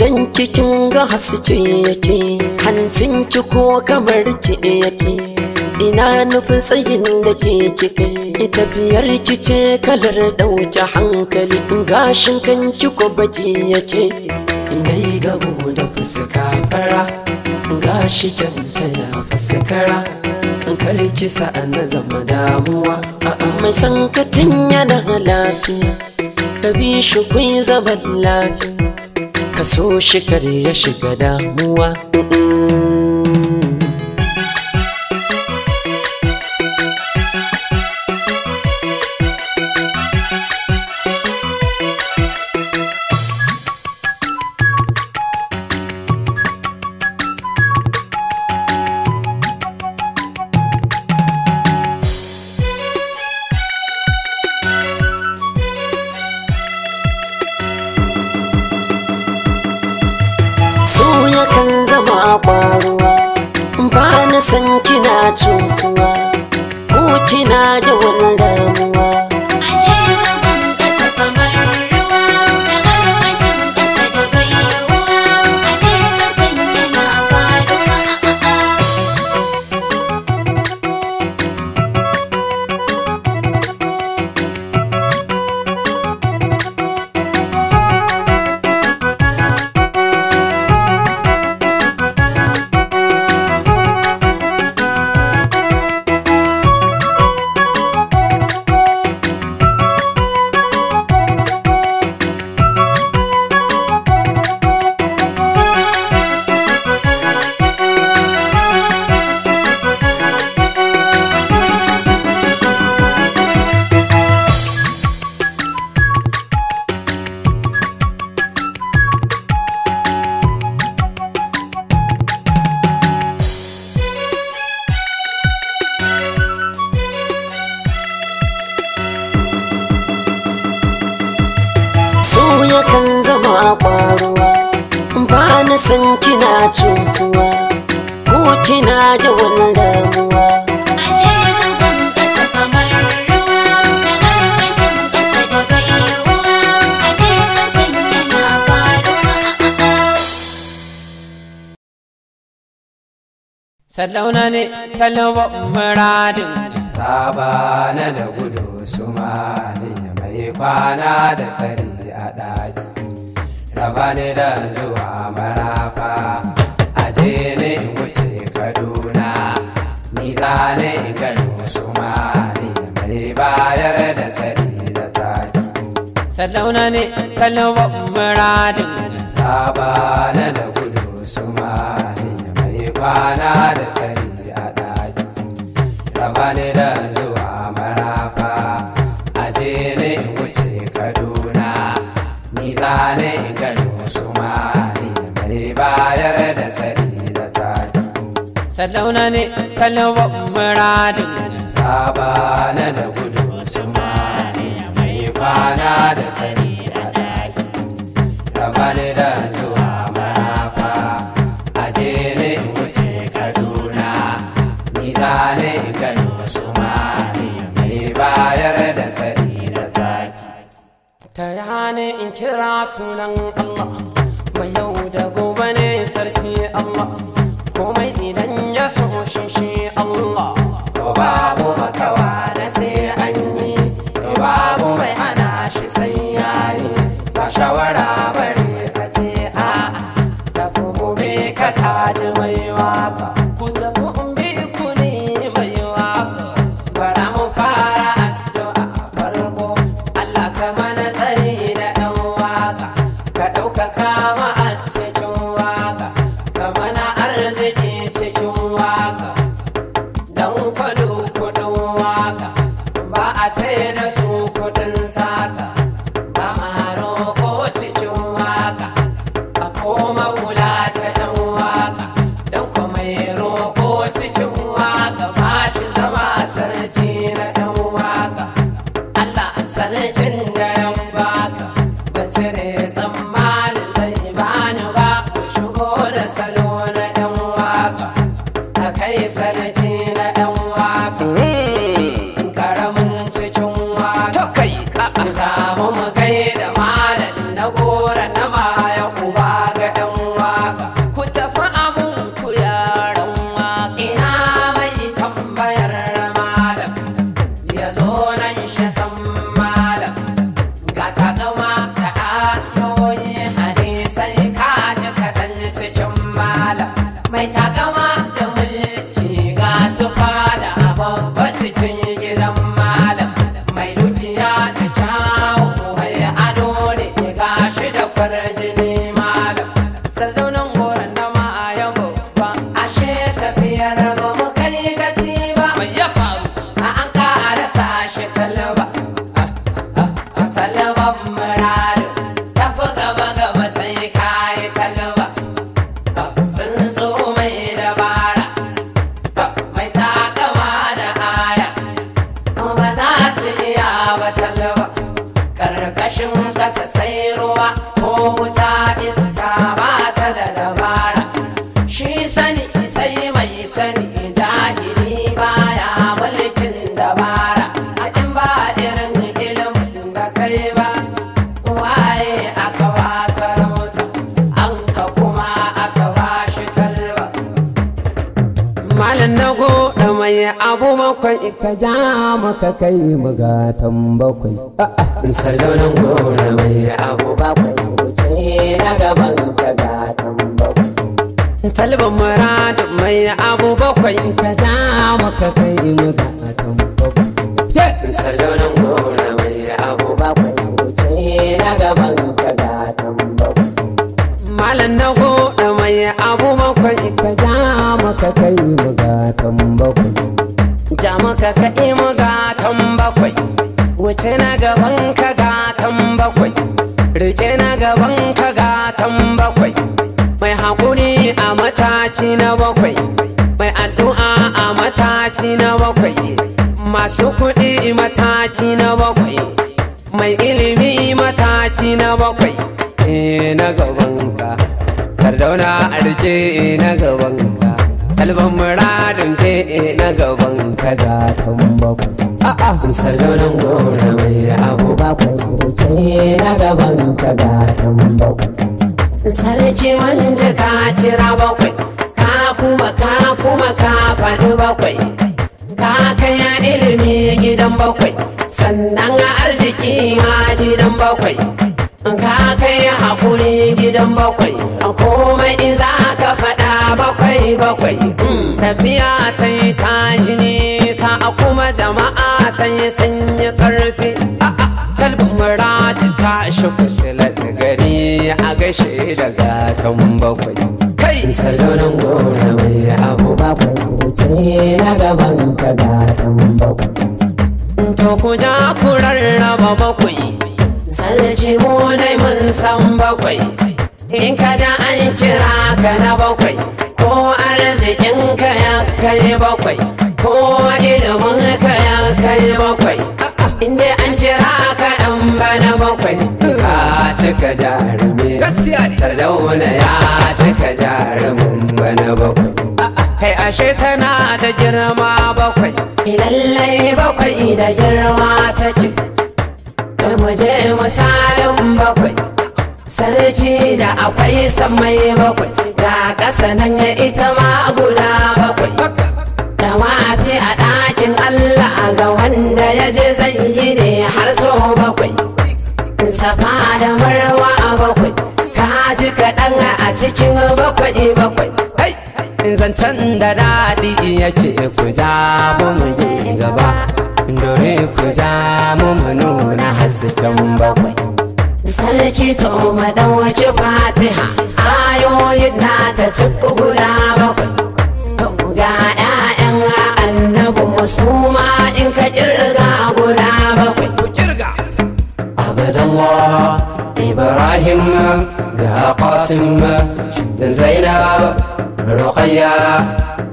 A: idan kin ga haske yake hancin ki ko kamar ki yake ina nufin tsayin da ke kika ita biyar ki ce kalar ɗauke hankali gashin kan ki ko baki yake idai gabo da fuska fara gashi kyanta ya fuskara kar ki sa na zama damuwa a'a mai sankatin yana lafiya ka bi shi kun zaman lafiya so shi ya shiga damuwa Oh. sardauna ne talaba muradin sabana da gudu su mai kwana da tsari a ɗaki sabani da zuwa marafa aje ne wuce kaduna ni zane gano ne mai bayar da tsari da taki sardauna ne talaba muradin sabana da gudu su mai kwana ni da zuwa marafa
B: a je ne
A: wuce kaduna ni za ne gano su mani mai bayar da tsari da taki sardauna ne talabar muradin saba na da gudu su mani mai kwana da tsari da daki zama da zuwa usmani mai bayar da tsari da taki ta yani in kira sunan allah mai yau da gobe ne sarki allah komai idan ya so shi allah to babu makawa da sai an yi babu mai hana shi sai yayi ba shawar ka ja maka kai mugatan bakwai sadaunan gona mai abu bakwai wuce na gaban ka tamba bakwai talibin muradin mai abu bakwai ka ja maka kai mugatan bakwai sadaunan sai na gaban ka gatan bakwai rike na gaban ka gatan bakwai mai hakuri a mataci na bakwai mai addu'a a mataci na bakwai masu kuɗi mataci na bakwai mai ilimi mataci na bakwai e na gaban ka sardauna a rike e, na gaban ka kalban muradun ce e, na gaban ka gatan bakwai sardauna gora mai abu bakwai wuce na gaban ka gatan bakwai sarki manja ka cira bakwai ka kuma ka kuma ka faɗi bakwai ka kaya ilimi gidan bakwai sannan arziki ma gidan bakwai ka kai hakuri gidan bakwai komai in za faɗa bakwai bakwai hmm, tafiya ta yi ta ji nisa kuma jama'a sai sanya karfe talbin murata ta shigo tilar gari a gaishe da gatan bakwai kai salonan gora mai abu bakwai wuce na gaban ka gatan bakwai to ku ja ku rarraba bakwai sarki mu dai mun san bakwai in ka ja an kira ka na bakwai ko arzikinka ya kai bakwai ko iliminka ya kai bakwai inda an jira ka ɗan bana bakwai ka cika jarumi sardauna ya cika jarumin bana bakwai kai ashe tana da girma bakwai lallai bakwai da girma take mu je misalin bakwai sarki da akwai samai bakwai ga ƙasa nan ya ita ma guda bakwai da wafi a ɗakin Allah ga wanda ya je zai yi ne har so bakwai safa da marwa a bakwai ka ji kaɗan a cikin bakwai bakwai zancen da daɗi yake ku ja mu gaba dore ku ja mu nuna hasken bakwai sarki ta umar dan waje fatiha ayoyin na ta ci guda bakwai ga 'ya'yan annabi suma in ka kirga guda bakwai abdallah ibrahim da qasim da zainab ruqayya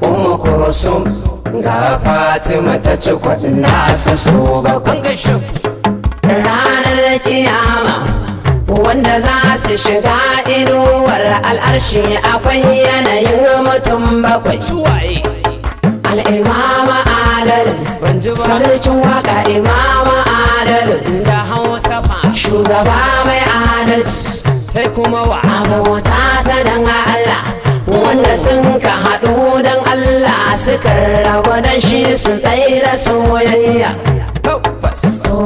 A: ummu kursum ga fatima ta ci kwadin nasu su bakwai ranar kiyama wanda za su shiga inuwar al'arshi akwai yanayin mutum bakwai suwaye al'imama adalin sarkin waka imama adalin da hausa shugaba mai adalci sai kuma wa abota ta dan Allah wanda sun ka haɗu Allah suka rabu da shi su tsaye da soyayya so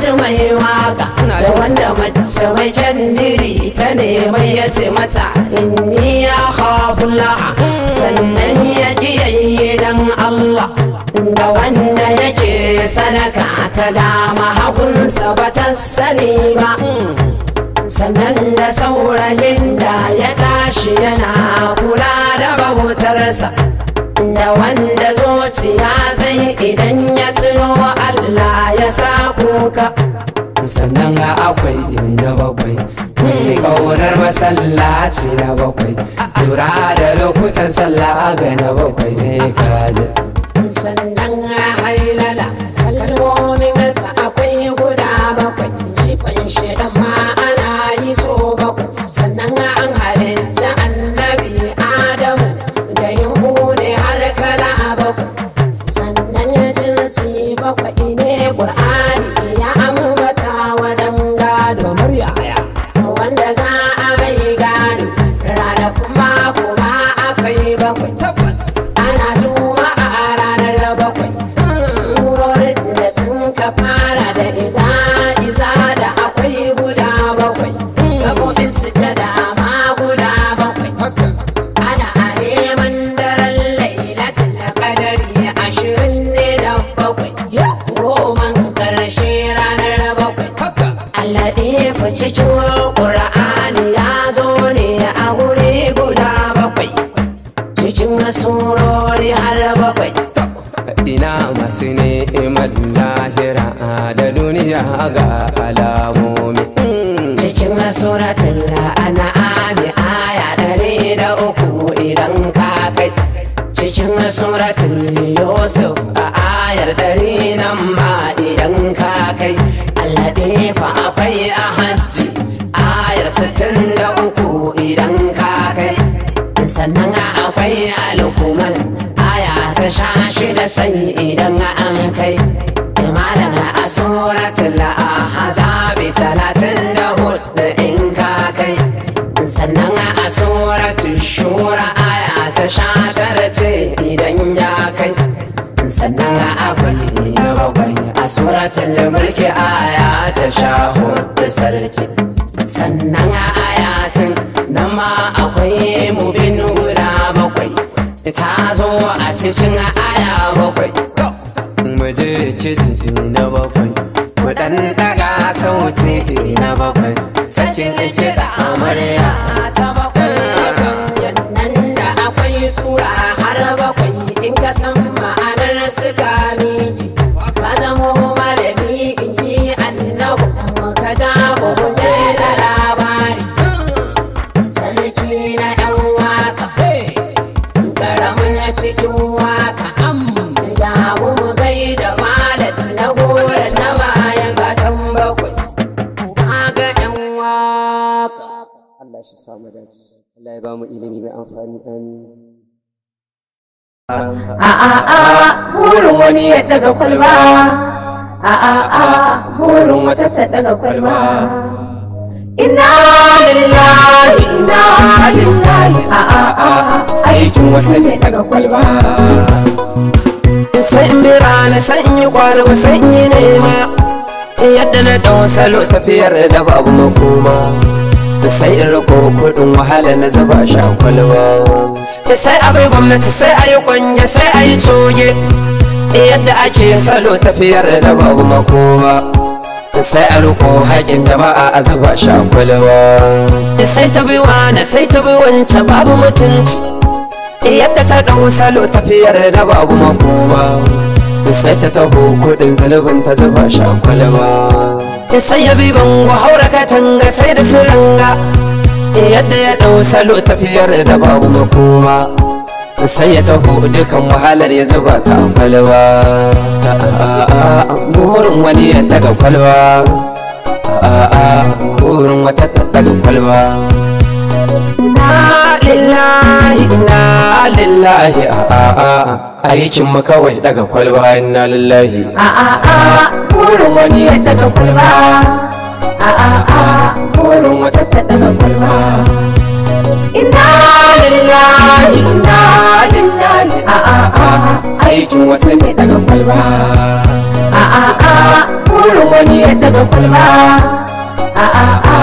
A: ji mai waka da wanda mace mai kyandiri ta nema ya ce mata inni ya hafu laha sannan ya kiyaye dan Allah da wanda yake sadaka ta dama hagunsa ba ta sani ba hmm. sannan da saurayin da ya tashi yana kula da bautarsa da wanda zuciya zai idan ya tuno Allah ya sa kuka sannan ga akwai inda bakwai Ni ƙaunar masallaci na bakwai Lura da lokutan sallah ga na bakwai ne kaji Sannan hailala kalmomin cikin sani idan an kai malam a suratul ahzabi talatin da hudu in ka kai sannan a suratul shura aya ta sha ce idan ya kai sannan akwai na bakwai a suratul mulki aya ta sha hudu sarki sannan a yasin nan ma akwai mu bin guda bakwai ta zo a cikin aya bakwai mu je kiɗi na bakwai mu ɗan ɗaga sauti na bakwai sakin kiɗa amarya ta bakwai sannan da akwai sura har bakwai in ka san ma'anar suka Allah ya ba mu ilimi mai amfani amin a a a burin wani ya daga kwalba a a a burin wata ta daga kwalba Ina lillahi ina lillahi a a a aikin wasu ne daga kwalba san bi rana san yi kwaro san yi nema yadda na dawo salo tafiyar da babu makoma gwamnati sai in rako kudin wahala na zaba shi a kwalwa eh, sai abai gwamnati sai ayi kwanye sai ayi coge eh, yadda ake salo tafiyar da babu makoma eh, sai a riko haƙin jama'a a zuba shi a kwalwa sai ta bi wani sai ta bi wancan babu mutunci yadda ta ɗau salo tafiyar da babu makoma sai ta taho kudin zalubin ta zuba shi a kwalwa ya saya bi bango haura katanga sai da su ranga yadda ya dau salo tafiyar da babu makoma sai ya taho dukan wahalar ya zuba ta kwalwa burin wani ya daga kwalwa burin wata ta daga kwalwa na lillahi na lillahi a aikin mu kawai daga kwalwa na lillahi a burin wani ya daga gulma a a a daga gulma inna lillahi inna lillahi a a a aikin wasu ne daga gulma a a a burin ya daga gulma a a a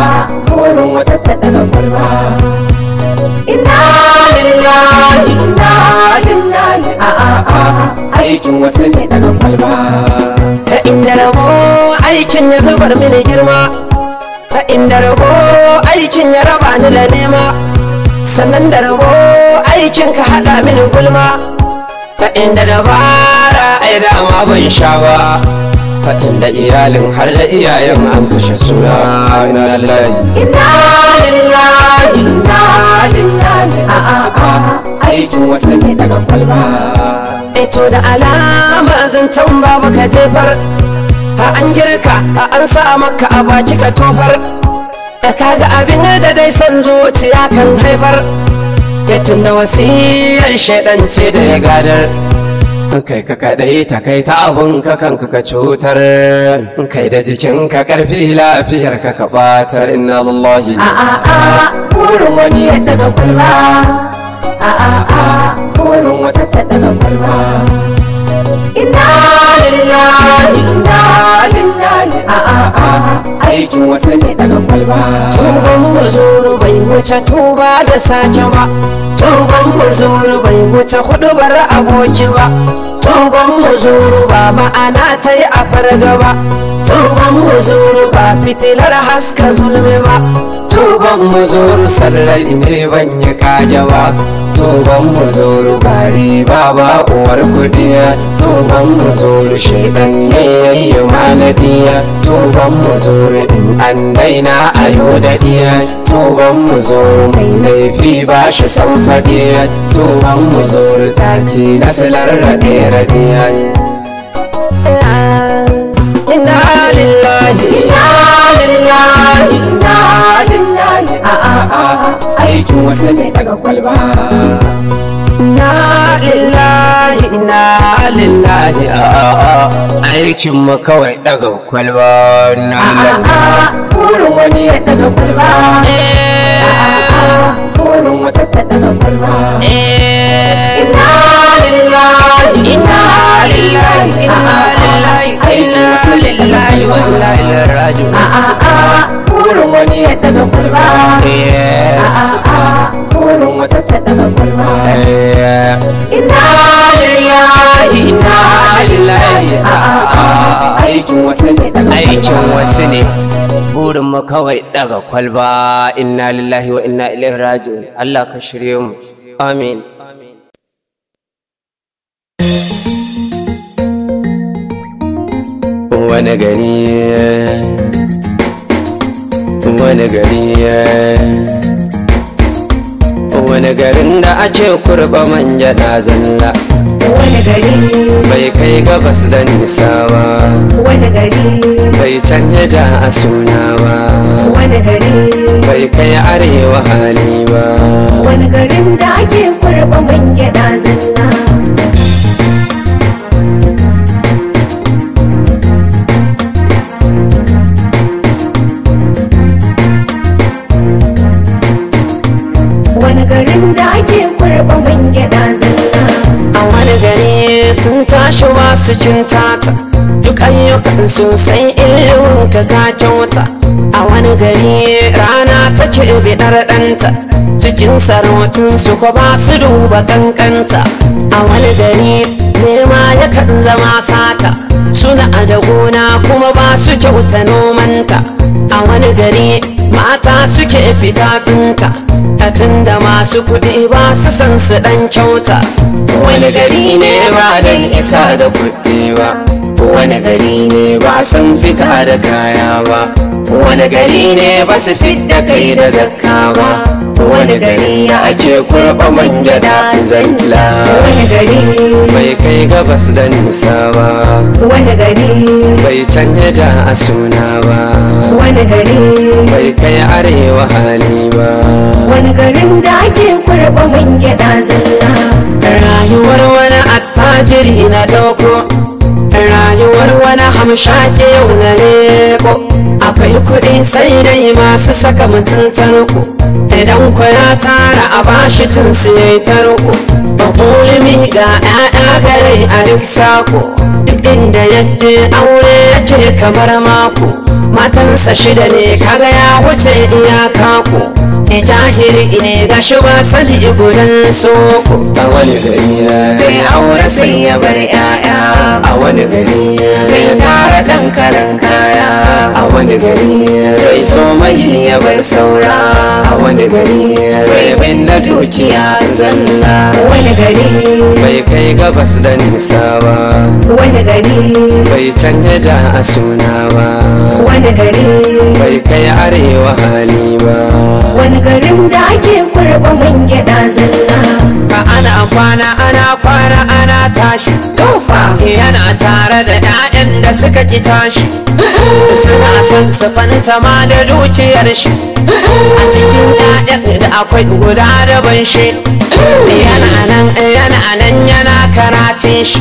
A: daga gulma inna lillahi inna lillahi a a a aikin wasu ne daga gulma inda rabo aikin ya zubar mini girma ta inda rabo aikin ya raba ni da nema sannan da rabo aikin ka haɗa mini gulma ta inda dabara ai dama ban sha ba fatin da iyalin har da iyayen an kashe suna ina lillahi ina lillahi ina lillahi a'a aikin wasu daga falma. eto da alama zancen babu ka jefar ha an girka ha an sa maka a baki ka tofar da kaga abin da dai san zuciya kan haifar ya tunda wasiyar shaidan ce da ya gadar kai ka kaɗai ta kai ta abun ka kanka ka cutar kai da jikinka karfi lafiyar ka ka batar inna lillahi a a a wurin wani yadda daga kula a'a korin wata ta daga kwalba inna lillahi inna lillahi a'a aikin wasu ne daga kwalba turban muzuru bai wuce tuba da sake ba turban muzuru bai wuce hudubar aboki ba turban muzuru ba ma'ana ta yi a fargaba tuban muzuru ba fitilar haska zulmi ba tuban muzuru sarrari ne ban yi kaja ba tuban muzuru ba riba ba uwar kudiya tuban muzuru shaidan ne yayi maladiya tuban muzuru in an daina ayo da iya tuban muzuru mai laifi ba shi san fadiya tuban muzuru taki na silar raɗe raɗiya inna lillahi inna lillahi inna lillahi a a a aikin wasu ne daga kwalba inna lillahi inna lillahi a ah, a ah, a ah. aikin mu kawai daga kwalba na lillahi kwalba a'a burin daga kwalba aikin wasu ne burin kawai daga kwalba inna lillahi wa inna ilaihi raji'un Allah ka shirye mu amin wani wani gari eh. wani garin da ake kurba manja na zalla wani gari bai kai gabas da nisa ba wani gari bai canye ja a suna ba wani gari bai kai arewa hali ba wani garin da ake kurba manja na zalla cikin tata duk ayyukan sai illumin ka ka kyauta a wani gari rana take bidar ɗanta cikin sarautunsu su ko ba su duba kankanta a wani gari nema yakan zama sata suna da gona kuma ba su kyauta nomanta a wani gari mata suke fita tsinta a tunda masu kuɗi ba su san su ɗan kyauta wani gari ne ba don isa da kuɗi ba wani gari ne ba san fita da kaya ba wani gari ne ba su fit da kai da zakka ba wani gari ya ake kurɓa man gyada zalla wani gari bai kai gabas da nisa ba wani gari bai canja a suna ba wani gari bai kai arewa hali ba wani garin da ake kurɓa man gyada zalla rayuwar wani attajiri na ɗauko hamsha wani hamshake na leko akwai kuɗi sai dai masu saka mutum tarko idan ku ya tara a bashi cin su yayi tarko ba ga 'ya'ya gare a duk sako din da yaje aure ya je kamar mako matansa shida ne kaga ya wuce iyaka ku ke jahiri ne ga shi ba sani gurin soko a wani gari ya zai aure sai ya bar yaya a wani gari zai tara dan karan kaya a wani gari zai so mai ya bar saura a wani gari bai bin na dukiya zalla wani gari bai kai gabas da nisa ba wani gari bai canja a suna ba wani gari bai kai arewa hali ba wani garin da ake kurba mun gida zalla ka ana kwana ana kwana ana tashi tofa yana tare da 'ya'yan da suka ki tashi suna son su fanta ma da dukiyar shi a cikin 'ya'yan da akwai guda da ban shi yana nan yana nan yana karatun shi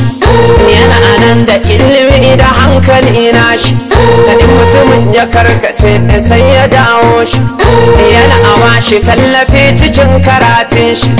A: yana nan da ilimi da hankali na shi Tani mutumin ya karkace sai ya dawo shi Yana awa shi tallafi cikin karatun shi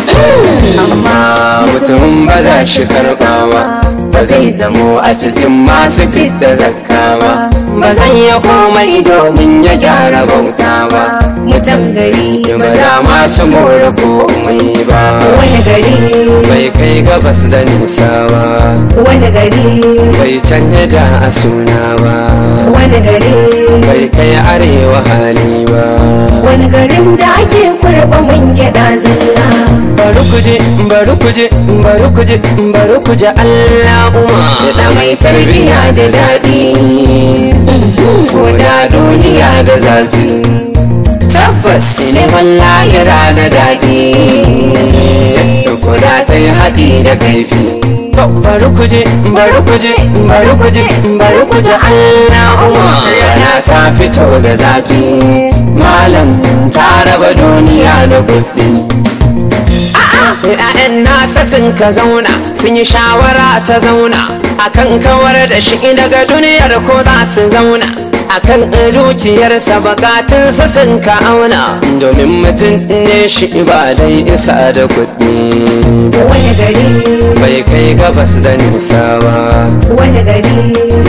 A: Amma mutumin ba za shi karɓa ba Ba zai zamo a cikin masu fidda zakka ba ba zan iya komai domin ya gyara bauta ba mutum gari ba za ma su more komai ba wani gari bai kai gabas da nisa ba wani gari bai canja ja a suna ba wani gari bai kai arewa hali ba wani garin da ake kurba mun gyada zalla bari Barukuje, bari Barukuje, bari kuje bari Allah da mai tarbiya da daɗi ko da duniya da zafi tabbas neman lahira na daɗi yadda kura ta yi haɗi da kaifi bari kuje bari kuje bari bari Allahumma yana ta fito da zafi malam ta raba duniya da kuɗi a'a 'ya'yan nasa sun ka zauna sun yi shawara ta zauna akan kawar da shi daga duniyar ko za su zauna akan zuciyarsa bukatunsa sun ka auna domin mutum ne shi ba dai isa da kuɗi bai kai gabas da nisa ba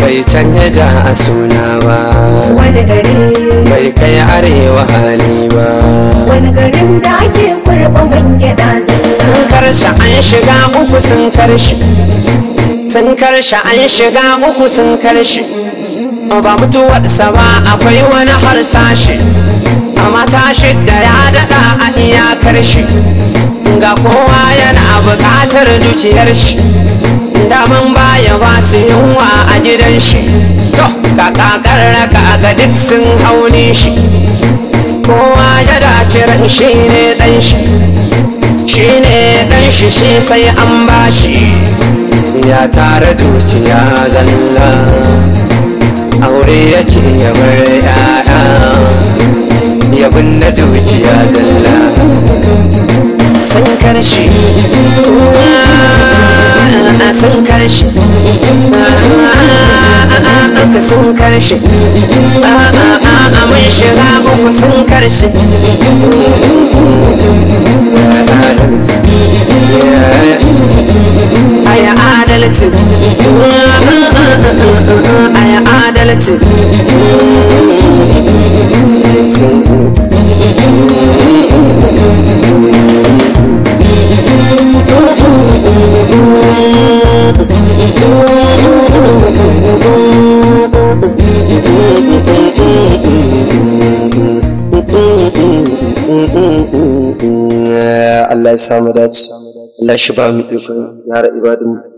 A: bai canja a suna ba bai kai arewa hali ba wani garin da ake kurɓa man gyaɗa sun karshe an shiga uku sun karshe sun karshe an shiga uku sun karshe ba mutuwarsa ba akwai wani harsashi a matashi da ya daɗa a iyakar shi ga kowa yana buƙatar dukiyar shi daman baya ba su yunwa a gidan shi to kakakar raka ga duk sun haune shi kowa ya dace ran shi ne ɗan shi shi ne ɗan shi sai an bashi. ya tare dukiya zalla aure yake ya bar ya'ya ya binne zuciya zalla san karshe a san karshe aka sun karshe a mun shiga muku sun karshe aya adalci aya adalci Allah ya samu dace Allah shi ba mu ikon gyara ibadun